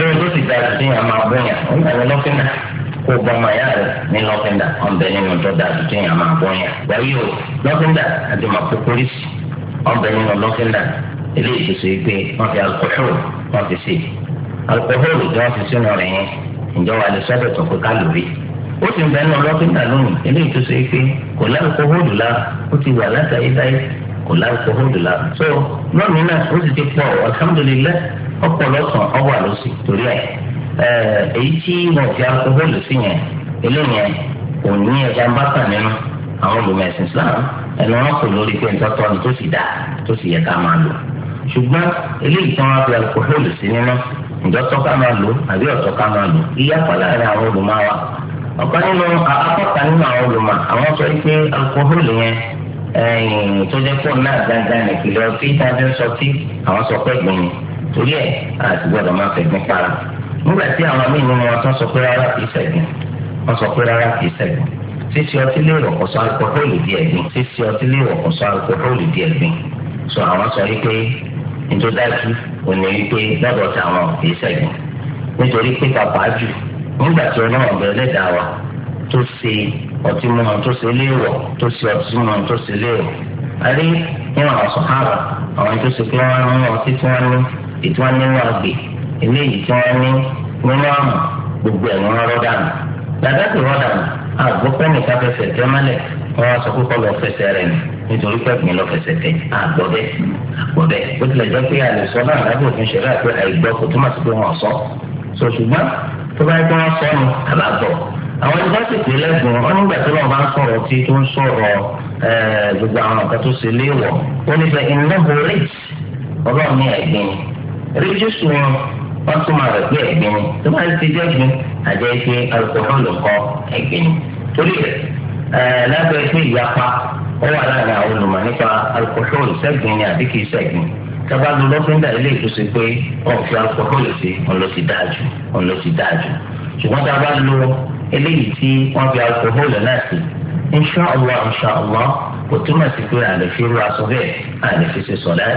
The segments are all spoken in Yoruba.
ẹ̀rọ ló ti dára sí àmà bóyá ìlànà lọ́fínà kó o bọ́ ọmọ ìyá rẹ̀ ní lọ́fínà ọ̀nbẹ nínú tó dára sí àmà bóyá wáyé o lọ́fínà àti màkókórìsì ọ̀nbẹ nínú lọ́fínà eléyìí tó so pé wọ́n fi alukóhóró wọ́n fi sí alukóhóró tí wọ́n fi sínú rẹ̀ yẹn ǹjọ́ wa lè sọ́dọ̀ tó pé kálórì ó ti ń bẹ nínú lọ́fínà lónìí eléyìí tó so pé kò lálùkóhóró la ó ti wà látàrí láyé kò lálùkóhóró la so lónìí náà ó sì ti pọ̀ alhamdulilayi ọ̀pọ̀lọsàn ọwà ló sì torí ẹ èyí tí wọn fi alukóhólù sí yẹn eléyẹn kò ní ẹja ń bá kàn nínú àwọn olùmẹ̀sìn Islam ẹnu wọn kò lórí pé ntọ́tọ́ ni tó sì dáa tó sì yẹ ká máa lò ṣùgbọ́n eléyìí tí wọn fi alukóhólù sí nínú ǹjọ́tọ́ ká máa lò àbí ọ̀tọ́ máa lò ìyapa láàrin àwọn olùmọ̀wá ọ̀kan nínú akọ́ta nínú àwọn olùmọ̀ àwọn sọ pé alukóhólù yẹn tó jẹ́ fóònù náà dáadáa nìkìlẹ̀ ọtí tá a fẹ́ sọtí àwọn sọ pé gbìyànjú torí ẹ̀ àti gbọ́dọ̀ máa fẹ̀gbin para nígbà tí àwọn míì nínú wọn tán sọ pé rárá kìí ṣẹ̀gbin wọ́n sọ pé rárá kìí ṣẹ̀gbin sísí ọtí lè rọ̀ kọ́sọ́ alukóhólì di ẹ̀gbin sísí ọtí lè rọ̀ kọ́sọ́ alukóhólì di ẹ̀gbin sọ àwọn sọ wípé nítòdájú òní wípé lọ́dọ̀ tí àwọn kìí ṣẹ̀gbin nítorí pé bàbá jù nígbà tí ọlọ́run bẹ̀rẹ̀ lẹ́dàá wa tó ṣe ọtí mímu tó ṣe léèwọ̀ tó ṣe ọtí mímu tó ṣe léèwọ̀ àrí nínú àwọn sọ̀hárà àwọn tó ṣe pé wọ́n mú ọtí tí wọ́n ní ètò wọn nínú àgbè eléyìí tí wọn ní nínú àmọ gbogbo ẹ̀ wọn rọ́ dànù dàdá tó rọ́ dànù àgbọ̀pẹ́ nìkan fẹsẹ̀ tẹ́ mọ́lẹ̀ wọn wá sọ pé kọ́ lọ fẹsẹ̀ rẹ̀ ni nítorí pé ìpín lọ fẹsẹ̀ tẹ̀ àgbọ̀ bẹ́ẹ̀ àgbọ̀ bẹ́ẹ̀ bó tilẹ̀ jẹ́ pé àlùsọ náà lábẹ́ òfin ṣẹlẹ̀ àti àìgbọ́ kò túmọ̀ sí pé wọ́n sọ sọ ṣùgbọ́n tó bá yẹ kí wọ́n sọ ni àbábọ̀ àwọn ẹni bá sì pé lẹ́gùn wọn nígbà tí wọ́n bá ń sọ̀rọ̀ tí tó ń sọ̀rọ̀ eh, gbogbo àwọn nǹkan tó ṣe léèwọ̀ ó ní sẹ́ ìnáwó rẹ̀ ọlọ́run ní ẹ̀gbin rígísù wọn wọ́n tún máa rẹ̀ pé ẹ̀gbin ni tó bá ti jẹ́ ẹ̀gbin àjẹ́ pé alukóhólù kọ́ ẹ̀gbin ni torí ẹ̀ eh, lábẹ́ pé ìyapa ó wà láàrin àwọn olùmọ̀ nípa alukóhólù sẹ́gbin ni àbí kìí sẹ́gbin tábà lu lọ́fíńdà ilé ìtòsí pé ọ̀fẹ́ alukóhólù sí òun ló ti dáa jù òun ló ti dáa jù ṣùgbọ́n eléyìí tí wọ́n fi alukóhólù náà sí inṣàlá inṣàlá kò túmọ̀ sí pé àlè fi rú aṣọ bẹ́ẹ̀ àlè fi ṣe sọ̀lá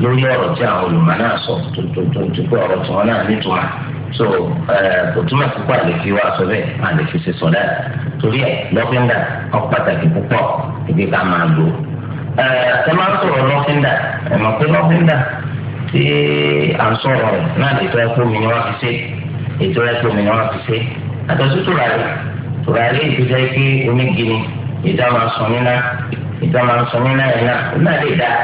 lórí ọ̀rọ̀ tí àwọn olùmọ̀ náà sọ tó pé ọ̀rọ̀ tí náà nítumọ̀ so kò túmọ̀ sí pé àlè fi rú aṣọ bẹ́ẹ̀ àlè fi ṣe sọ̀lá torí ẹ̀ lọ́fíńdà ọ̀ pàtàkì púpọ̀ ibi ká máa lò ẹ máa ń sọ̀rọ̀ lọ́fíńdà ẹ mọ̀ pé lọ́fíńdà tí à ń sọ̀rọ̀ náà ètò ẹ̀kọ́ mi ni wọ́n fi ṣe ètò ẹ̀kọ́ mi ni wọ́n fi ṣe àtẹ̀sùtù rà tùràrí ìtújẹ́ pé onígiri ìdá máa sọ mí náà ìdá máa sọ mí náà yẹn náà ó náà lè dáa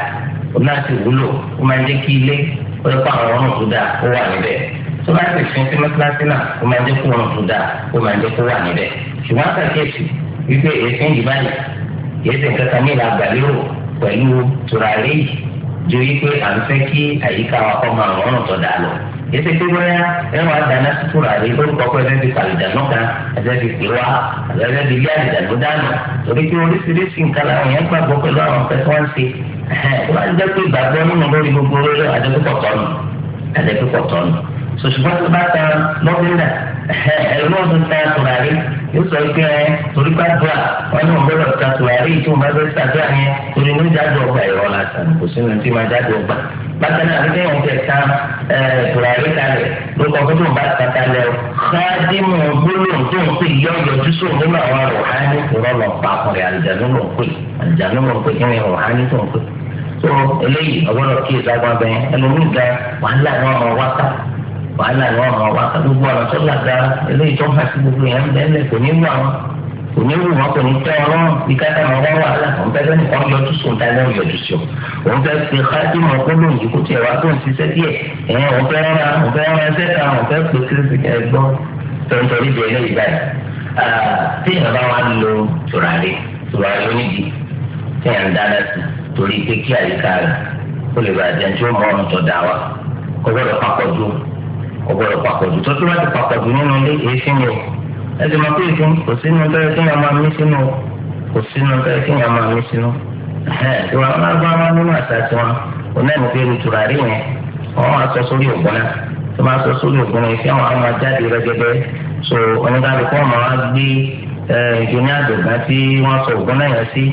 ó náà sì wúlò ó máa ń jẹ́ kí ilé ó lè kó àwọn ọ̀run tó dáa ó wà níbẹ̀ tó bá sì fi sí mọ́tíláṣí náà ó máa ń jẹ́ kó ọ̀run tó dáa ó máa ń jẹ́ kó wà níbẹ̀ ṣùgbọ́n àtàkẹ́sì wípé èéfín ìdìbàyè yéésì nǹkan kan ní ìlà àgbàlérò pẹ̀lú tùràrí ju wípé à ń fẹ́ kí àyíká wa kọ́ máa rọrùn tó dáa lọ ètò ìgbéwáyà ẹ wà dáná sùkúrù àrí orúkọ pé ẹgbẹ́ ti pàlìjà náà kan ẹgbẹ́ ti pè wá ẹgbẹ́ ti lé àlìjà ló dáná torí pé oríṣiríṣi nǹkan làwọn yẹn gbàgbọ́ pẹ̀lú àwọn ọ̀fẹ́ tí wọ́n ń ṣe wọ́n á jẹ́ pé ìgbàgbọ́ nínú lórí gbogbo rẹ̀ àjẹpẹ́ pọ̀tọ́nù àjẹpẹ́ pọ̀tọ́nù sòṣùpọ̀ tó bá ta lọ́gbẹ́ndà ẹlọ́dún ta tùràrí yóò sọ pé ẹ torí bá dùà wọn ní wọn gbọ́dọ̀ ta tùràrí tí wọn bá fẹ́ sàdúrà yẹn torí ní jáde ọgbà ẹ̀rọ làtàn kò sí ní ti máa jáde ọgbà bákan náà àbíkẹ́ yẹn tẹ̀ ta tùràrí kalẹ̀ ló kọ́ fún tó ń bá ta kalẹ̀ o xaadimu gbólóhùn tó ń pè yọ yọjú sóun nínú àwọn rọ̀hání rọ̀lọ̀ pàkùnrin àlùjáde ló ń pè àlùjáde ló ń pè kí ni rọ̀hání tó ń pè so eléyìí ọgbọ́dọ̀ kí ìsagbọn bẹ́ẹ̀ ẹlòmíì ga wàhálà náà wá ká wàhálà ni wọn mọ wá gbogbo ọ̀nà tó lágbára eléyìí tó hàn sí gbogbo yẹn lẹ́lẹ̀ kò ní mú àwọn kò ní wù wọn kò ní tẹ ọ lọ́rùn bí ká dáná wọn wàhálà òun fẹ́ fẹ́ nìkan yọjú sùn tá lẹ́rù yọjú sí o òun fẹ́ fi káàdì mọ kóló yìí kó tiẹ̀ wá tó ń ṣiṣẹ́ díẹ̀ ẹ̀yìn òun fẹ́ rán òun fẹ́ rán ẹsẹ̀ kan òun fẹ́ pè kí ẹgbọ́n tọ́ntọ́rí di eléyìí báyìí téèyàn bá wá lo tùràrí tùràrí onídìí téèyàn dáná sí torí pé kí àyíká rẹ̀ kó lè bàjẹ́ tí ó mọ ọ̀run tó dá wa kó gbọ́dọ̀ pápọ̀ dúró ọgbọ́dọ̀ papọ̀jù tó tún láti papọ̀jù nínú ilé èéfín ni o ẹ ti mọ pé èéfín kò sínú tó yẹ kí èèyàn máa mí sínú kò sínú tó yẹ kí èèyàn máa mí sínú ìwà alágbára nínú àṣà tiwọn onáìmọ̀ pé olùtura rí yẹn wọ́n máa sọ sórí ògùn náà tó máa sọ sórí ògùn náà ìfẹ́ wọn á máa jáde rẹ́gẹ́dẹ́ so oníkàlùkù wọn máa gbé ìjọ ní àdògbà tí wọ́n sọ ògùn náà yẹn sí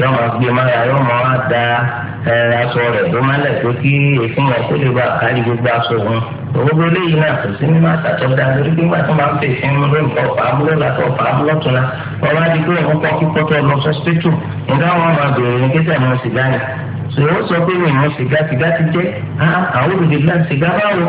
yọ máa gbé e máa yọ máa da aṣọ rẹ̀ tó má lẹ̀ pé kí èéfín wọn kó lè bá kárí gbogbo aṣọ òun òwúrọ̀ eléyìí náà kò sí nínú àtàtọ̀ dá lórí pé wọ́n máa ń fè fún un lórí nǹkan ọ̀pá amúlọ́lá tó ọ̀pá amúlọ́túnla wọ́n bá di pé wọ́n kọ́ kíkọ́ tó lọ sọ́sítẹ́tù nígbà wọn máa bèèrè ní kí sẹ́yìn wọn sìgá ni sọ sọ pé wọn sìgá sìgá ti jẹ́ àwọn olùdíje sìgá báwo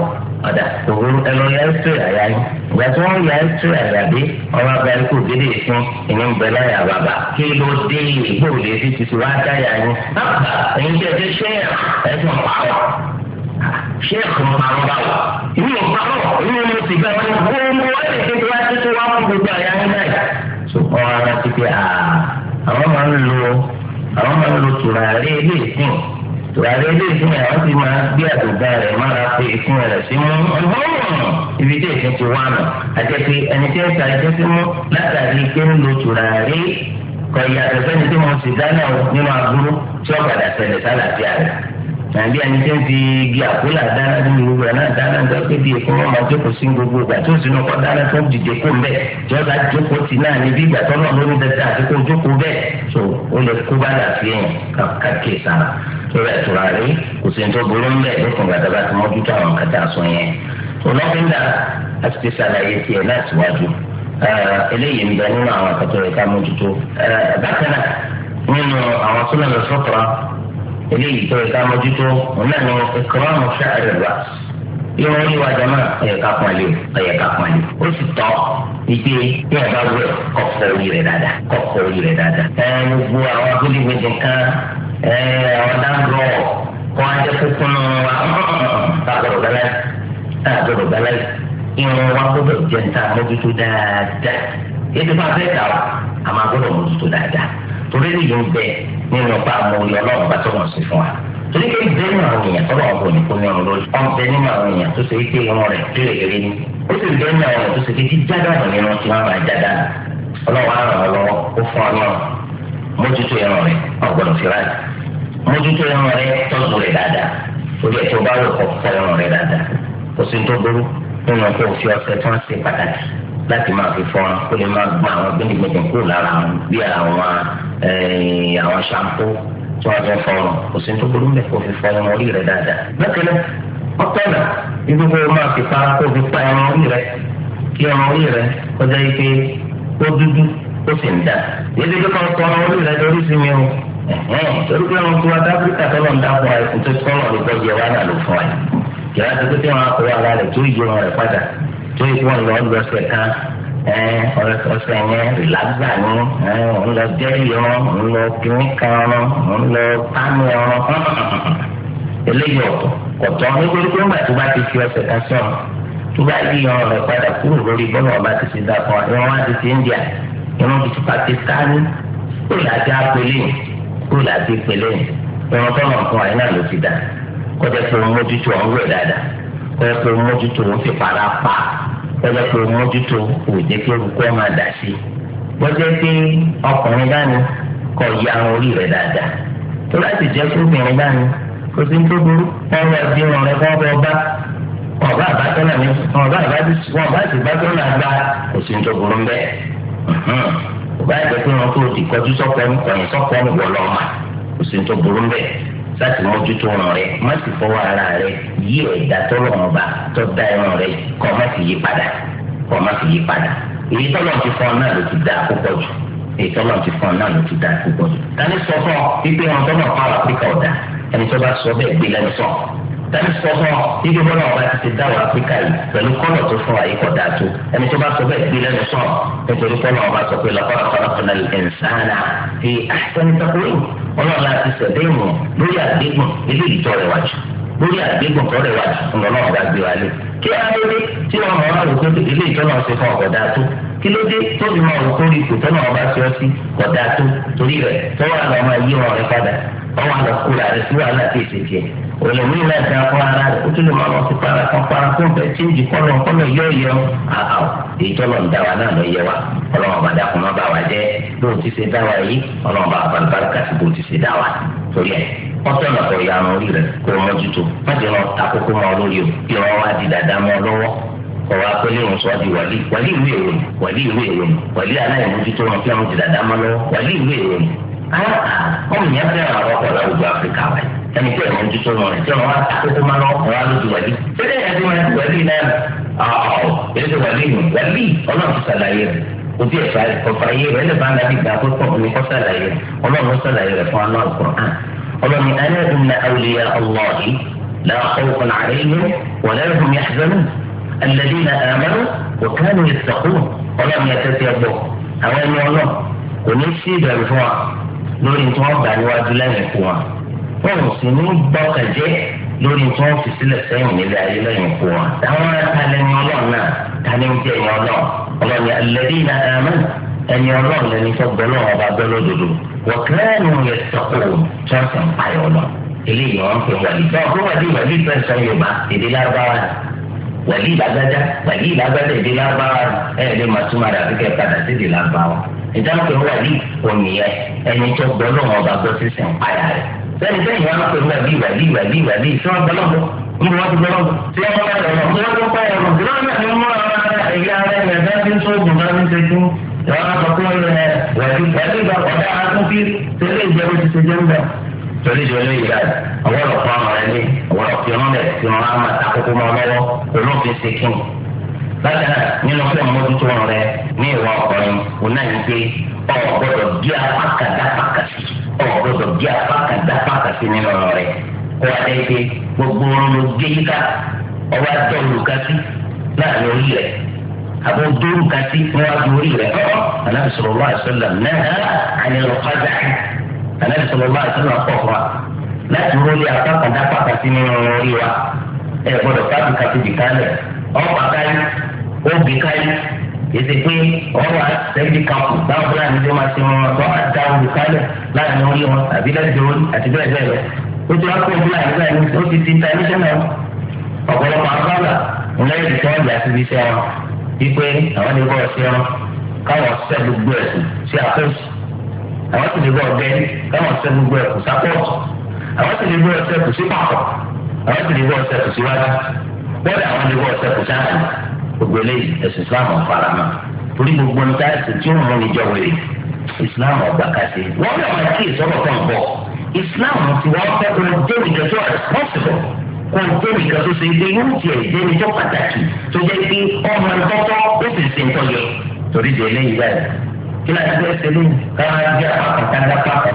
ọ̀dà òwúrú ẹlọ ya ẹ́sírì àyà yìí ìgbà tí wọ́n ya ẹ́sírì àyà dé ọba gba ikú gédé fún ìní ń bẹ láyà bàbá kí ló dé ìgbò lè fi títí wá dáyà yín bàbá ẹ̀yin tí ẹ ti ṣe ẹ̀sùn pààrọ̀ ṣé ẹ̀sùn pààrọ̀ báwò ìlú pààrọ̀ ìlú mo sì gbà wọn bó mo wá lè fi wá wá fún gbogbo àyà yín náà. ṣùgbọ́n ara ti pé àwọn máa ń lo àwọn máa ń lo tùràrí ilé ìsìn tùwárí eléyìí tí àwọn ti máa gbé àdùgbà rẹ̀ mára pé ìfún rẹ̀ sí mú ibi tí èsì ti wà nù àti pé ẹni tí ó ta ẹjẹ́ sí mú látàrí pé ń lo tùràrí kọ̀ọ̀yà ẹ̀fẹ́ni tí mo sì dáná nínú aburú tí ó padà ṣẹlẹ̀ sálàbíà rẹ̀ tàbí ẹni tí ń fi igi àkólà dáná ní gbogbo ẹ̀ náà dáná tó pé bí èkó wọn máa jókòó sí gbogbo ìgbà tó sínú kọ́ dáná tó dìde kó mbẹ́ tí wọ́n bá jókòó tì náà ní bí ìgbà tó náà lórí dẹ́tẹ́ àti kó jókòó bẹ́ẹ̀ tó ó lè kó bá làfihàn kàkàkì sára tó rẹ̀ tó rà rí kò sí ní tó burú mbẹ́ lókun gbàdàgbà tó àwọn kàtà sọ yẹn olókìndà àti ti sàlàyé tiẹ̀ náà síwájú eléyìí eléyìí tó ẹ̀ka mójútó ọ̀nàmọ́ ìkọ́mọ́ ṣáàrẹ̀ rà irun yíwa jama ẹ̀ka pọ̀nlé ẹ̀ka pọ̀nlé ó sì tọ́ ìgbé bí ọba wẹ̀ kọ̀kọ́ orí rẹ̀ dáadáa kọ̀kọ́ orí rẹ̀ dáadáa. ẹ gbogbo àwọn agbẹ́dẹ́gbẹ́dẹ kan ẹ àwọn dáńgọ̀ kọ́ ajẹ́ kúkúnú wa àgbọ̀dọ̀ gbẹ́lẹ́ àgbọ̀dọ̀ gbẹ́lẹ́ irun wa gbọ́dọ̀ jẹ́ níta mójútó dáadáa ètò bá fẹ́ ta wa àmọ́ àgbọ̀dọ̀ mójútó dáadáa torí èyí ń bẹ́ẹ̀ nínú ọba àmúyẹ ọlọ́run bá tó wọn sí fún wa torí pé ìbẹ́nu àwọn èèyàn tó wọn kò ní kó ní ọrùn lórí ọ̀nbẹ nínú àwọn èèyàn tó ṣe wípé wọn rẹ̀ lè eré ní ó sì bẹ́nu àwọn èèyàn tó ṣe wípé jádàbọ̀ ni wọn ti wọn máa jádàbọ̀ ọlọ́run á ràn ọ́ lọ́wọ́ ó fún ọ náà mójútó ẹran rẹ ọgbọ́dọ̀ fi ráàyè mójútó ẹran rẹ tọ́jú rẹ dáadáa orí ẹ̀ tó bá lò kọ́ fọ́ ẹran rẹ dáadáa kò sí tó burú nínú kó o fi ọṣẹ tó ń ṣe pàtàkì láti máa fi fọ́n kó lè máa gbọ́n àwọn gbẹ̀ngbẹ̀ngbẹ̀ kúrò lára àwọn bí àwọn àwọn ṣampó tí wọ́n fẹ́ fọ́ọ̀rùn kò sí tó burú mẹ́ kó fi fọ́ọ̀rùn orí rẹ̀ dáadáa. bákẹ́lẹ́ ọ̀pẹ́ náà ní gbogbo máa fi pa kó fi pa ẹran orí rẹ̀ kí ẹran orí rẹ̀ kọjá ike ó dúdú ó sì ń dà. yéèdè tó kàn tọ́ ẹran orí rẹ̀ lórí sí mi o torí pé àwọn tiwa dáfíríkà tó lọ́n dákun ẹ̀ kó tó tọ́ lọ́n lọ́jọ́ yẹ wá náà ló fún ẹ̀. kìlá tó tó tẹ́ wọn akọ̀wé ara rẹ̀ tó yí ọ̀sẹ̀ yẹn rìlágbà ni ń lọ jẹ́rìí ọ̀rọ̀ ń lọ kínní kan ọ̀rọ̀ ń lọ pánú ọ̀rọ̀ eléyìí ọ̀tọ̀ kọ̀tọ̀ nítorí pé ńgbà tó bá ti fi ọ̀sẹ̀ kan sọ̀ tó bá yí ọ̀rọ̀ rẹ̀ padà kúrò lórí bọ́lá ọba ti ti dà kan ìwọ̀n wá ti ti India ìwọ̀n ti ti Pakistan kó làdí apẹlẹ kó làdí pẹlẹ ìwọ̀n tọ́nà fún wa iná ló ti dà kọjá pé mójútó ọ̀rọ̀ dáadáa kọjá pé mójútó ó fi para pa tọ́jà pé mójútó òjé pé orúkọ máa dà sí i bọ́jẹ́ pé ọkùnrin dání kọ̀ ya orí rẹ̀ dáadáa tó láti jẹ́ pé obìnrin dání kò sí tó burú wọ́n rẹ̀ bí wọn rẹ̀ fọ́n bọ́ bá wọn bá àbátọ́nà ní wọn bá àbátí bátọ́nà gba kò sí tó burú ń bẹ́ẹ̀ kò bá jẹ́ pé wọn kò dìkọ́jú sọ́kọ́ ń sọ́kọ́ ń wọ̀ kò sí tó burú ń bẹ́ẹ̀ láti mójútó ọ̀ràn rẹ má sì fọwọ́ ara rẹ yí ẹ̀dá tọ́lọ̀ ọba tó dá ẹran rẹ kọ́ má sì yí padà kọ́ má sì yí padà èyí tọ́lọ̀ ti fọ́ náà ló ti dá púpọ̀ jù èyí tọ́lọ̀ ti fọ́ náà ló ti dá púpọ̀ jù. tani sọ fún ọ wípé wọn tọ́lọ̀ pààrọ̀ áfíríkà ọ̀dà ẹni tó bá sọ bẹ́ẹ̀ gbé lẹ́nu sọ tani sọ fún ọ ibi bọ́lá ọba ti ti dá wà áfíríkà yìí pẹ̀lú kọ́lọ̀ tó fún àyíkọ̀ dáa tó ẹni tó bá sọ bẹ́ẹ̀ gbé lẹ́nu sọ nítorí kọ́lọ̀ ọba sọ pé lọ́kọ́lọ́ ọlọ́run láti sẹ̀dé ìmọ̀ lórí àdéhùn ilé ìjọ rẹ̀ wájú lórí àdéhùn tó rẹ̀ wájú ńlọ́lọ́run bá gbé wa lé kí á ló dé tí wọn mọ̀ ọ́n àwòkọ́ ilé ìjọ náà ṣe fún ọ̀gọ̀dá tó kí ló dé tó fi mọ òkú rí ipò tọ́nà ọba ṣe ọ́ sí ọ̀dà tó torí rẹ̀ tó wà lọ́mọ yí wọn rẹ̀ padà ọwọ́ àlọ́kùnrin rẹ̀ sí olùmí náà ti àwọn ara rẹ̀ kótó lè máa lọ sí para kan para kó bẹ́ẹ̀ tí ń jì kọ́nà kọ́nà yọ ìyẹ o. àwọn èyí tọ́lọ̀ ń dá wa náà lọ yẹ wa ọlọ́run bá dákun má bá wa jẹ́ bóun ti ṣe dá wa yìí ọlọ́run bá àbálùbáríkà sí bóun ti ṣe dá wa torí ẹ̀ ọtọ lọtọ ya ọrùn orí rẹ kó mọjútó má jẹ wọn àkókò mọ lórí o kí wọn wá di dàda mọ lọ́wọ́ ọwọ akọlẹ òun sọdí wàlí wàlí ìwé ìròyìn wàlí ìwé ìròyìn wàlí aláìmójútó wọn kí wọn di dàda mọ lọ́wọ́ wàlí ìwé ìròyìn. ọmọ ìyá fẹ́ràn àkọ́kọ́ láwùjọ áfíríkà wáyé. ẹni tí ẹ̀mọ́ ojú tó lọ́rùn tí wọ́n á kókó máa lọ ọ̀rọ̀ alójú wẹ̀lí. Ṣé ẹni máa ti wẹ̀lí náà? Ọ̀ọ́ èyí ti wẹ̀lí nù. Wẹ̀lí ọlọ́run ti ṣàlàyé rẹ̀. Ojú ẹ̀fà ọ̀fà yé rẹ̀ lè bá ń darí ìgbà púpọ̀ ní kọ́ ṣàlàyé rẹ̀. Ọlọ́run ṣàlàyé rẹ̀ fún aláwọ̀ Kùrán. Ọlọ́run ni ẹni ẹ̀dùn náà awliya Allahi la khawfun alayhim wa la hum yahzanun. Alladhina amanu wa kanu yattaqun. Ọlọ́run yẹn tẹ́tí ẹ̀gbọ́. Àwọn ẹni ọlọ́ kò ní sí ìbẹ̀rù fún wa lórí tí wọ́n gbà níwájú lẹ́yìn fún wa. bọ́ọ̀lù sì ní gbọ́kànjẹ́ lórí tí wọ́n fi sílẹ̀ sẹ́yìn nílé ayé lẹ́yìn kú wọn. táwọn atalẹ́yìn ọlọ́run náà tani ń jẹ́ ẹ̀yìn ọlọ́run ọlọ́run ni alladina amanu ẹ̀yìn ọlọ́run lẹni tó gbọ́ náà ọba bẹ́ lódodo wọ̀kẹ́rẹ́nu yẹ sọ́kò tíwọ́sàn páyọ̀ lọ. eléyìí wọn pè wàlí bá ọkọ wàlí wàlí fẹsẹ̀ yorùbá èdè lárúbáwá wàlí làgbájá wàlí làgbájá èdè lárúbáwá ẹ̀ẹ́dẹ̀ màtúmọ̀ àdàbíkẹ́ padà sí èdè lárúbáwá ìdáhùn pé wàlí òmìnir ẹni tó gbọ́ ọba gbọ́ sísẹ̀ ń páyà rẹ̀ bẹ́ẹ̀ni bẹ́ẹ̀ni wọn pè mí àbí ìbàdí ìbàdí ìbàdí tí wọn gbọ́ lọ́gbọ́ níbi wọn ti gbọ́ lọ́gbọ́ tí wọn bá yọ lọ tí wọn tó bá yọ lọ tí wọn ní mú ara ẹ̀yà ara ẹ̀yà ẹ̀dá tí ń tó oògùn náà ní ṣẹ́jú ìwọ́n á sọ pé wọ́n yẹ wẹ̀dí wẹ̀dí ìgbà ọ̀dà àtún fi tẹ́lẹ̀ ìjẹ́wọ́ ti ṣe jẹun bẹ́ẹ̀. torí ìjọ ilé ìgbà àwọn ọ̀pọ̀ àwọn ẹni àwọn ọ̀pọ̀ ọ̀nà bákan náà nínú fún ìmójútó rẹ ní ìwà ọkùnrin òun náà ní pé ọ̀ gbọ́dọ̀ bí apákàdápákàsí ọ̀ gbọ́dọ̀ bí apákàdápákàsí nínú rẹ kó wá dé pé gbogbo orun ló gé yíká ọwọ́ adé olùkásí láàrin orí rẹ àbò dórúkásí níwájú orí rẹ ọ̀ alábìsọ̀rọ̀ wá àṣọlá náà àní ọ̀kadà alábìsọ̀rọ̀ wá àṣọlá pọ̀ fún wa láti rólé apákàdápákàsí nínú orí wa ẹ̀ gbọ́dọ̀ fábíkàtì obì káyé ètò pé ọ̀rọ̀ àtẹ̀bí kankù táwọn fúlàní tó máa ti wọn tó máa da obì kálẹ̀ láàrin orí wọn àbí lẹ́jọ́ orí àti bẹ́ẹ̀ bẹ́ẹ̀ lọ. ó ti wá pé fúlàní báyìí ó ti di international ọ̀pọ̀lọpọ̀ àgbàlá ńlẹ́yìn tó ọjà síbi iṣẹ́ wọn wípé àwọn ní bọ́ ọ̀ṣẹ́ wọn káwọn ṣẹ́ gbogbo ẹ̀sùn sí àkóso àwọn sì ní bọ́ ọ̀gẹ́ káwọn ṣẹ́ gbogbo ẹ̀sùn sápọ́ọ̀tù àwọn sì ní bọ́ gbogbo eléyìí ẹ̀sìn islam ọ̀farama torí gbogbo nta ẹ̀sìn tí ó mú mi jọ wẹ̀rẹ̀ islam ọ̀gbà kásì wọ́n bẹ̀rẹ̀ máa kí ìsọ̀rọ̀ kan bọ̀ islam ti wọ́n fẹ́ kó o dé nìkan tó responsible kó o dé nìkan tó ṣe ilé yóò tiẹ̀ dé ní tó pàtàkì tó jẹ́ pé ọmọ ìtọ́tọ́ ó sì ṣe nǹkan yẹ torí di eléyìí bẹ́ẹ̀ kí láti fẹ́ ṣe lóyún káwọn ajá àpàtàkà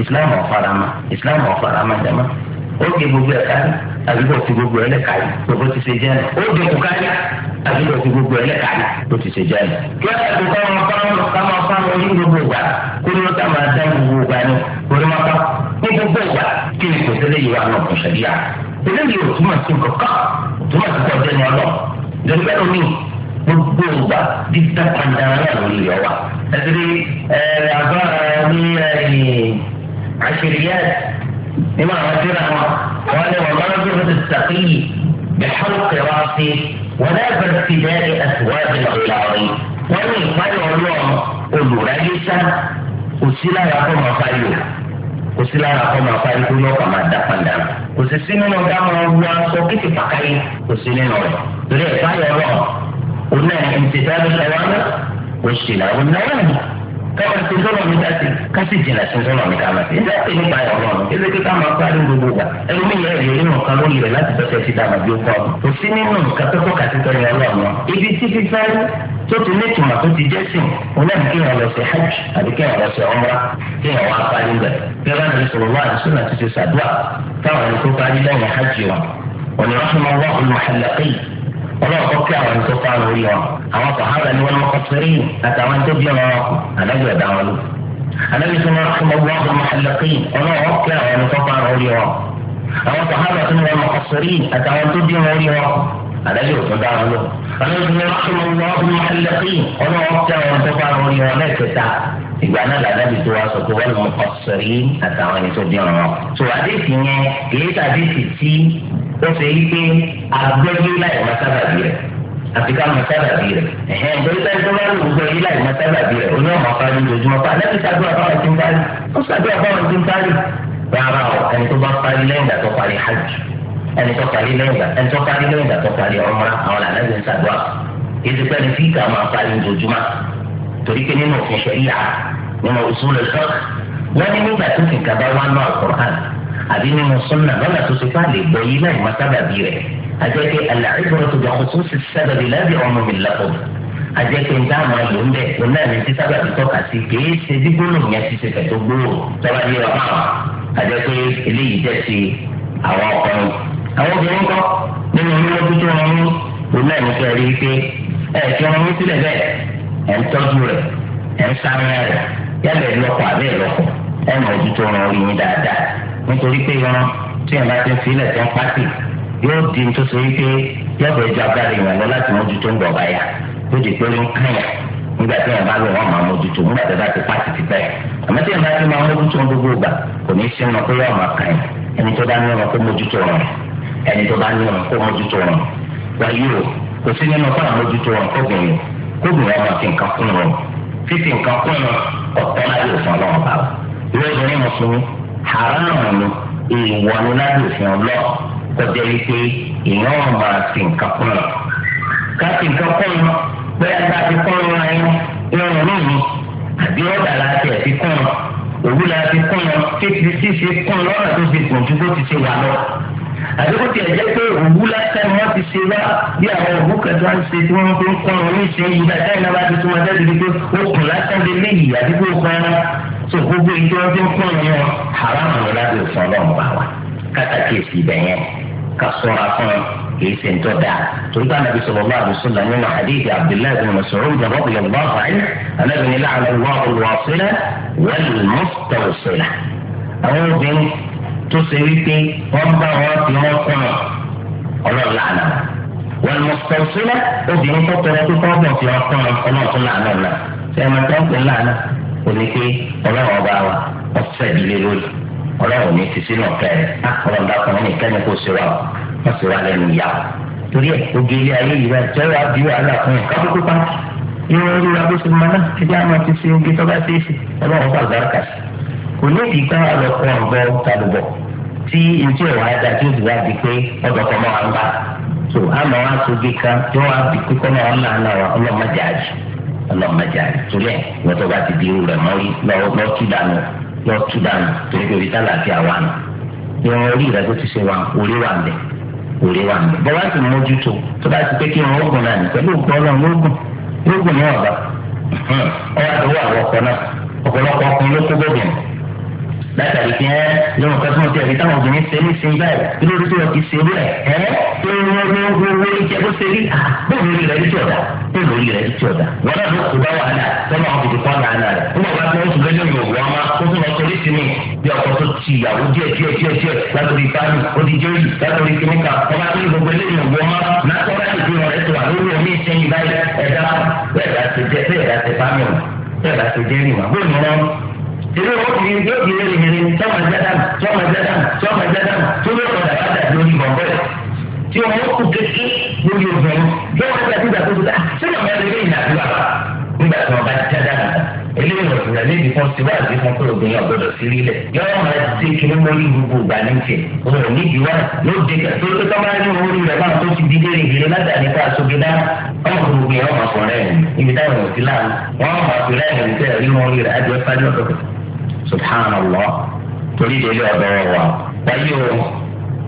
islam ọ̀farama islam ọ̀farama jama ó ké gbogbo ẹ̀ kárí àbí kò ti gbogbo ẹ̀ lẹ̀ kárí gbogbo àbílò ti gbogbo ẹlẹ́ka ló ti ṣe jáde. yọ̀ọ́ ẹ̀kọ́ kọ́ wọn fáwọn káwọn fáwọn orí gbogbo ìgbà kó ló ká máa dá gbogbo ìgbà ni kó ló máa kọ́ ní gbogbo ìgbà kí ni kò tẹ́lẹ̀ yìí wà ní ọ̀pọ̀ ṣẹ̀díà. eléyìí ò túmọ̀ sí kankan ò túmọ̀ sí kọ́ ọ̀dẹ́ni ọlọ́ ìdọ̀gbẹ́ omi gbogbo ìgbà dídá kàndàrà náà lórí ìyọ̀ wa. ẹ̀sìrì ẹ̀ àgbà ní àṣírí ولا بارتداء أثواب الغلاظ ومن قال الله قل رجسا وسلا يقوم قيوم وسلا يقوم قيوم وكما دفن دم وسسين ودم الله سوكت فقيم وسلين الله تريد قال الله قلنا امتثال الأوامر واجتناب النواهي káwọn ti sọ̀rọ̀ mi dási kásì jìnnà sí sọ̀rọ̀ mi dáná sí. ìjà pé nípa ẹ̀rọ ọ̀run ilé kíkà máa parí gbogbo wa ẹlòmíì rẹ̀ yóò nínú kan lórí rẹ̀ láti bẹ̀rẹ̀ sí dáná bí ó kọ́ kò sí nínú nǹkan tó kọ́ kàtí tọ́ni ọlọ́run ibi tí fífẹ́ tó ti ní tòmà tó ti jẹ́ sìn òun náà kí èèyàn lọ sí hajj àbí kí èèyàn lọ sí umrah kí èèyàn wá parí bẹ̀ gẹ́gẹ́ bí sọ̀rọ̀ àdúsùn àti ti sàdúrà táwọn ẹni ọlọ́run kọ́ kí àwọn tó fáwọn orí wọn àwọn sàhábà ni wọ́n mọ́kọ́ sẹ́rí àtàwọn tó bí wọn ànágbé ẹ̀dá wọn lò ànágbé sọ wọn kí wọn wọn mọ̀hálẹ́kì ọlọ́run kọ́ kí àwọn tó fáwọn orí wọn àwọn sàhábà tó ni wọ́n mọ́kọ́ sẹ́rí àtàwọn tó bí wọn orí wọn ànágbé òtún dá wọn lò ànágbé sọ wọn kí wọn wọn mọ̀hálẹ́kì ọlọ́run kọ́ kí àwọn tó fáwọn orí wọn lẹ́ẹ̀kẹta ìgbà náà làdábì tó wá sọ pé wọ́n mọ ọ̀sẹ̀rí àtàwọn ẹni tó dín ọ̀rọ̀. tó àdéhùn yẹn èyí tàbí sì tí ó ṣe yí pé agbẹ́jú láì má sábàbí rẹ̀ àti ká má sábàbí rẹ̀ ẹ̀hẹ́n ìgbà yìí tó bá lò gbọ́ yìí láì má sábàbí rẹ̀ oní ọmọ parí lójúmọ́ pa àdébì sàdúrà báwọn ti ń parí ó sàdúrà báwọn ti ń parí rárá o ẹni tó bá parí lẹ́yìn ìgbà tó parí hajj ẹni tó parí lẹ́yìn ìgbà ẹni tó parí lẹ́yìn ìgbà tó parí umrah àwọn làdábì torí pé nínú òfin ṣẹ̀ríà nínú usul al-fiqh wọ́n ní nígbà tó ti kaba wá náà Al-Qur'an àbí nínú sunna lọ́nà tó ti fà lè gbọ́ yí láì máa sábà bí rẹ̀ àjẹkẹ́ al-ibratu bi khususi as-sababi la bi umumi al-lafz àjẹkẹ́ ń dáhùn àlò ń bẹ̀ òun náà ní ti sábà tọ́ka sí kìí ṣe dígbónú yẹn ti ṣe fẹ̀ gbòòrò tọ́ba ẹ̀ ń tọ́jú rẹ̀ ẹ̀ ń sáré rẹ̀ yálẹ̀ lọ́kọ̀ àbẹ́ ìlọ́kọ̀ ẹ̀ mọ̀ ojú tó ràn orí yín dáadáa nítorí pé irun tí ẹ̀ bá ti sílẹ̀ tó ń pàtì yóò di tó so wípé yọ̀bọ̀ ìjọ agbára ìwọ̀n lọ láti mójú tó ń bọ̀ báyà ó di pé ń kànyà nígbà tí ẹ̀ bá lò wọ́n máa mójú tó nígbà tí ẹ̀ bá ti pàtì ti bẹ́ẹ̀ àmọ́ tí ẹ̀ bá ti máa mójú tó gbogbo ìgbà kò ní í sínú pé yọ̀ máa kànyà ẹni tó bá ní ọmọ kó mójú tó rọrùn ẹni tó bá ní ọmọ kó mójú tó rọrùn wáyé o kò sí nínú fún àmójútó ọ̀nkọ́gbìn kóbìnrin ọmọ fi nǹkan kún un fífi nǹkan kún un ọ̀tọ́ láyé òfin ọlọ́run bá wa ìwé obìnrin mùsùlùmí haramu ni èèwọ̀ ni láyé òfin ọlọ́run kọjá wípé ìyẹn wọn máa fi nǹkan kún un ká fi nǹkan kún un bẹ́ẹ̀ bá ti kún un ayé irun lónìí àbí ọ̀dà láti ẹ̀ fi kún un òwú láti kún un fífi síse kún un lọ́nà tó ti gùn ju bó ti ṣe wà lọ àdókò tí ẹ jẹ́ pé òwú lásán wọn ti ṣe wá bí àwọn òwú kẹta ń ṣe tí wọ́n fi ń kọ́ ọ̀run níṣẹ́ yìí náà táyì náà bá ti túmọ̀ jáde wípé okùn lásán lè léyìí àdúgbò kan tó gbogbo èyí tí wọ́n fi ń kọ́ ọ̀run wọn haramu ló láti sọ lọ́wọ́ bá wa kátàkì èsì ibẹ̀ yẹn ká sọ́ra fún kìí ṣe ń tọ́ da torí bá nàbí sallallahu alaihi wasallam nínú àdéhìí abdullahi bin mas'ud radiyallahu anhu anábìnrin láàrin wà olùwàsílẹ̀ wal mustawsila àwọn obìnrin tó ṣe wípé wọ́n bá wọn tí wọ́n kọ́ ọ ọlọ́ọ̀lá àná wọn mọ̀ sọ̀sílẹ̀ obìnrin tó tẹ̀lé tó tọ́ bọ̀ tí wọ́n kọ́ ọ ọ̀la sẹ́yìn máa tẹ́ ń làánà kò ní pé ọlọ́wọ́ bá wa ọ̀sẹ̀ ìdílé lórí ọlọ́wọ́ mi ti sínú ọ̀kẹ́ rẹ̀ ọlọ́ọ̀dà kan ní kẹ́ni kò sí wa wọ́n sì wá lẹ́nu ìyá torí ẹ̀ oge ilé ayé yìí rẹ̀ jẹ́rọ àbí wàhálà fún ẹ̀ kábùkù pàtó ìrora bó ṣe máa náà ẹgbẹ́ àwọn ti ṣe oge tó bá ṣe é ṣe ọlọ́wọ́ bá gbàrúkà sí i kò ní ìdí pé wọn lọ kọ ọgbọ́n tàdùbọ tí etí ẹwà ẹ̀dá tí ó ti wá di pé ọ̀dọ̀ kan máa ń bá so àmọ́ wọn aṣojú kan tí wọn á di pé kọ́ máa ń là ń lọ ọlọ́mọdé àjù ọlọ́mọdé àjù torí ẹ̀ wọ́n tó bá ti di irú rẹ̀ mọ́rí lọ́ọ́ tú dànù lọ́ọ́ tú dànù torí pé orí tálàfíà wà nù ìwọ̀n orí rẹ̀ tó ti ṣe wà orí wà ń bẹ̀ òrè wa nbẹ ti mójútó tó bá ti pé kí wọn oògùn náà pẹ̀lú ògùn náà bá ọwọ́ àdúgbò àwọn ọkọ náà látàrí kí ẹ lọ́wọ́ kan fún ọtí táwọn obìnrin ṣe ní sin báyìí kí ló tó ọtí ṣe rú ẹ ẹ tó wọ́n wọ́n wọ́n wọ́n ìjẹ́ kó ṣe rí ah, bóun lórí rẹ̀ lítí ọ̀dà bóun lórí rẹ̀ lítí ọ̀dà wọn náà ló kó bá wàhálà tọ́lá wọn fìdí kọ́ nàánà rẹ̀ nígbà wọn bá oṣù lẹ́yìn òwò ọmọ ó tún lọ sórí sí mi bí ọkọ tó ti ìyàwó díẹ̀ díẹ̀ díẹ̀ díẹ̀ látòrí fáàmì odijeri látòrí kìnìkà ọba tó ní gbogbo eléyìí òwò ọmọ látọ́lá ìdí rẹ̀ tó wà lórí omi ìsẹ́yìn báyìí ẹ̀dá ẹ̀dá ti jẹ́ bẹ́ẹ̀ ẹ̀dá ti fáàmì ọ̀ bẹ́ẹ̀ ẹ̀dá ti jẹ́ rìn wá bóun ni wọ́n ìlú wọn kì yóò fi eré yẹn sọmọ jẹdam sọmọ jẹdam sọmọ jẹdam tó lè padà bá dàbí orí bọ̀m̀bọ̀ tí wọn ó kú kékeré lórí obìnrin bí wọn bá ti gbà tó sínú ọmọ ẹgbẹ́ yìí nàbí bàbá nígbà tí wọn bá ti jẹdam eléyìí wọn fìlà lébi fún tiwa àti fún pé obìnrin ọgbọdọ sí lílẹ yọọ máa dé kíní mọlí gbogbo ìgbà ní tiẹ òun ò ní ìwà ló dé kà tó tó tọ́ba ní orí rẹ̀ máa tó ti di léèrè ìdílé látàrí ká aṣojú dá ọmọ gbogbo yẹn ẹ̀ níbi táwọn ò sí láàmú wọn máa fi láàmú tẹ̀ rí wọn rí rẹ̀ àjọ ìpàdé ọ̀dọ́kọ̀tà subhanallah torí ìdílé ọ̀dọ́ wa wáyé o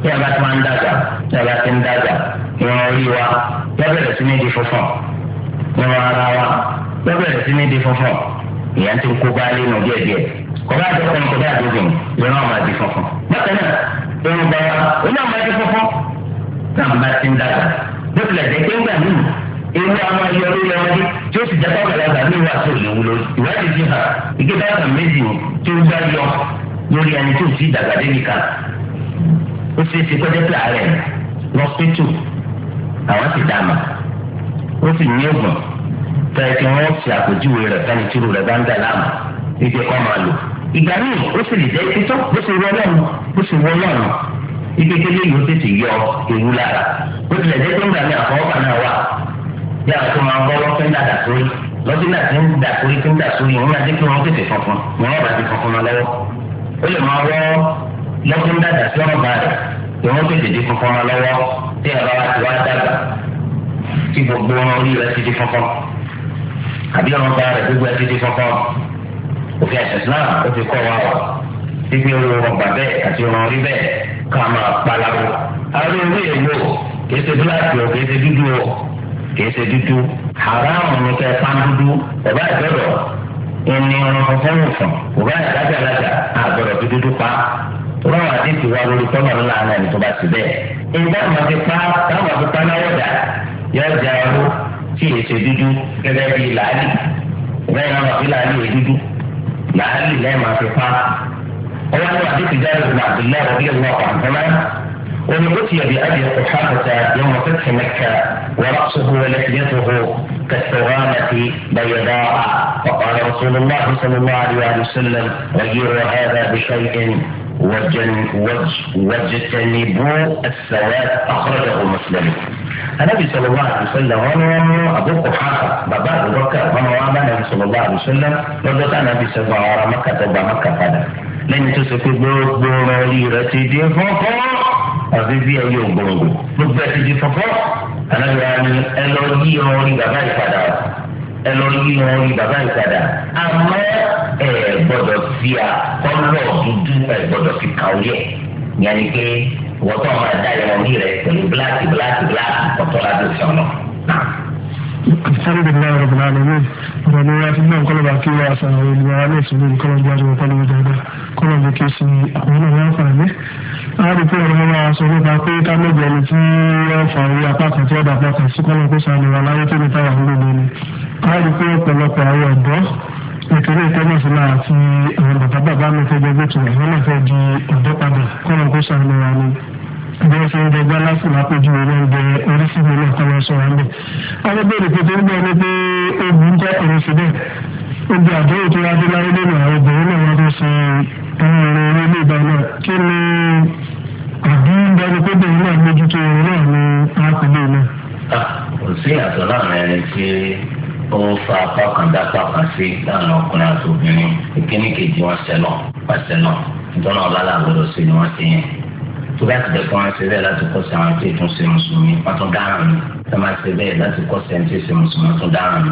bí a bá ti máa ń dàgbà bí a bá ti ń dàgbà ìwọ̀n orí wa lọ́bẹ̀rẹ̀ sí ní di funfun ìwọ̀n ara wa lọ́bẹ̀rẹ̀ sí ní di funfun ìyẹn ti ń kó bá lẹ́nu díẹ̀díẹ̀ kọ̀ọ̀bá àdókòwò kọ̀ọ̀bá àdókòwò ìran ọ̀ma di funfun bákan náà irun bá wa ó ní ọ̀ma di funfun náà bá ti ń dàgbà bó tilẹ̀ jẹ́ pé ń gbà mímu ewé àwọn ayọ̀rọ̀ yẹn wáyé tí ó sì jẹ́ kọ́kànlá tàbí ìwà tó lè wúlò ìwádìí fi hàn ike dáta méjì o tí ó bá yọ lórí ẹni tó sì dàgbà dé nìkan ó ṣe é ṣe kọ́jọ́ pé àárẹ̀ lọ́sítù àwọn ti dà mà ó sì ní ògùn tẹ̀ kí wọ́n ṣe àpèjúwe rẹ̀ fẹ́ni tírú rẹ̀ bá ń dà láàmú ike kọ́ máa lò ìgbà míì ó sì lè jẹ́ ike tó bó ṣe wọ́ lọ́rùn bó ṣe wọ́ lọ́rùn ike kékeré yìí ó yọ ewu lára bó tilẹ̀ jẹ́ bí àwọn tó máa ń rọ́ lọ́fẹ́ dàdà sórí lọ́dún náà ti ń dà sórí ti ń dà sórí ìwọ́n adé kí wọ́n tètè funfun ìwọ́n bá ti funfun lọ lọ́wọ́ ó lè máa rọ́ lọ́dún dàdà sí ọ̀rọ̀ bàdà ìwọ́n tètè di funfun lọ lọ́wọ́ tí ẹ̀rọ wa ti wá dàgbà tí gbogbo wọn orí rẹ ti di funfun àbí ọ̀rọ̀ bá rẹ gbogbo ẹ ti di funfun òfin ẹ̀sìn Islam ó ti kọ́ wa wà gbígbé owó ọgbà bẹ́ẹ̀ àti ọ̀rọ̀ orí bẹ́ẹ̀ ká kìí ṣe dúdú haramu ní kẹ pan dúdú ọba ìgbọdọ ìní ọrùn funfun wùfún ọba ìdájàlájà àgbọdọ fi dúdú pa wọn àti tiwa lórí tọ́nà ńlá náà ní tó bá ti bẹ́ẹ̀. ìgbà máa fi pa táwọn àti panáwọ̀ dà yọ ja ọrú tí kìí ṣe dúdú gẹ́gẹ́ bíi làálì lẹ́yìn náà máa fi làálì wẹ̀ dúdú làálì lẹ́yìn fi pa. ọwọ́ àti tìjà ìgbà àbúlé ọ̀rọ̀ bí ẹ̀ ومن أتي بأبي قحافة يوم فتح مكة ورأسه ولحيته كالثغامة بيضاء فقال رسول الله صلى الله عليه وسلم غيروا هذا بشيء واجتنبوا السواد أخرجه مسلم النبي صلى الله عليه وسلم wọn ابو قحافه بابا àbúrọkà wọn wọn صلى الله عليه وسلم lọ́jọ́ tá nàbì sọgbà ara mọkàtà gbà mọkàtà lẹ́yìn tó ṣe pé gbogbo orí rẹ̀ àfi bí ẹyẹ ògbòǹgbò gbogbo ẹ ti di fọfọ ànágbèrè ni ẹ lọ yí ọrí bàbá ìpadà ẹ lọ yí ọrí bàbá ìpadà àmọ́ ẹ gbọ́dọ̀ fi à kọlọ dúdú ẹ gbọ́dọ̀ fi kàwé yẹn ni pé wọ́n tó máa dá ìrọ̀lì rẹ pẹ̀lú bíláàkì bíláàkì bíláàkì kọ̀tọ́ sọ̀nà alhamdulilayi rabil alamin ọ̀rọ̀ ni wọ́n ti náà kọ́lọ̀ bá kí wọ́n aṣọ àwọn ènìyàn alẹ́ ìṣòro ní kọ́lọ̀ gbájú wọn kọ́lọ̀ dáadáa kọ́lọ̀ bí kí sí àwọn náà wọ́n fà mí. a rí pé ọ̀rọ̀ máa sọ nípa pé ká lóògbé ẹni tí wọ́n fa orí apá kan tí wọ́n dà pàtàkì sí kọ́lọ̀ kó sàmì wà láyé tó ní táwa ń lò lónìí. a rí pé ọ̀pọ̀lọpọ̀ àwọn ọ̀dọ́ nítorí ìtẹ́mọ̀sílá àti àwọn bàbá bàbá mi fẹ́ gbẹgbẹ́ tó àwọn náà fẹ́ di ọ̀dọ́ padà kọ́lọ̀ kó sàmì wà ní. bí wọ́n ṣe ń dẹgbẹ́ láfùlà péjú owó ń oríṣi mi náà kọ́ lọ sọ pé ogun ń jẹ́ ọ̀rọ̀ síbẹ̀ ogun àdéhùn tó láyé lónìí àwọn obìnrin náà wọ́n tó ṣe ẹ̀rọ náà kí ni àbí ń pé bẹ́ẹ̀ náà mójútó náà náà. kò sí láàrin ẹni tí ó fa apá kan dá tó bá ti dẹ̀ kọ́ ṣe bẹ́ẹ̀ láti kọ́ sí àwọn tí ètò ṣe mùsùlùmí wọ́n tún dára mi tó máa ṣe bẹ́ẹ̀ láti kọ́ sí àwọn tí ètò ṣe mùsùlùmí wọ́n tún dára mi.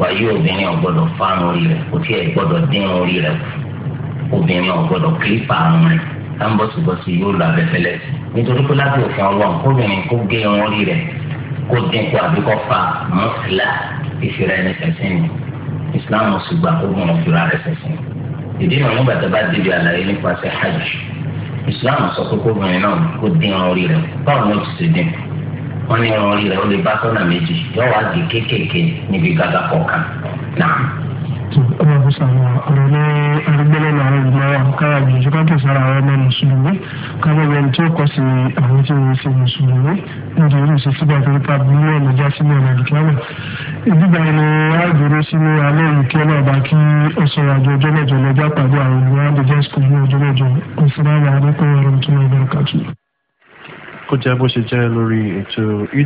wàyí obìnrin ọ̀gbọ́dọ̀ fáwọn orí rẹ̀ kò tí ẹ̀ gbọ́dọ̀ dín orí rẹ̀ kù obìnrin ọ̀gbọ́dọ̀ kílípà àwọn rẹ̀ táǹbọ̀sibọ̀sì yóò lọ abẹ́fẹ́lẹ́ nítorí pé láti òfin ọlọ́run kóbìnrin kó gé irun orí rẹ̀ kó dín kó àbí kó fa mọ́fìlà ìfira ẹni sẹ̀sìn ni ìsìláàmù sì gbà kó gbọ́n ìfira rẹ̀ sẹ̀sìn ìdí ìrànlọ́gbà tó bá débi àlàyé nípasẹ̀ hajj islam sọ pé kó bìnrin náà kó dín irun orí rẹ̀ báwo ni ó ti ṣe dín wọn ní irun orí rẹ̀ ó lè bá sọ́nà méjì yọ wá di kéékèèké níbi gàdá kọ̀ọ̀kan náà ọmọ ìfúnṣà àwọn ọ̀rọ̀ ní arúgbẹ́lẹ́ náà àwọn ìgbà wa kára gbìyànjú ká tẹ̀sára àwọn ọmọ mùsùlùmí káwọn ọmọ tí ó kọ́ sí àwọn tí wọ́n ṣe mùsùlùmí níbi irú ìṣe síbi àtẹ̀lẹ́pà bílíọ̀ nàìjà sílẹ̀ nàìjíríà ìdígbà ni a dúró sínú alẹ́ ìkẹ́ náà bá kí ọ̀sán àjọ ọjọ́ mẹ́jọ lọ́jọ́ pàdé àwọn ìlú adéjẹ́ skul ní ọjọ́ mẹ́jọ ọ̀sán àwọn adékòwò ọ̀rọ̀ tó lọ́ọ́ bẹ̀rẹ̀ kàtó. ó jẹ́ bó ṣe jẹ́ lórí ètò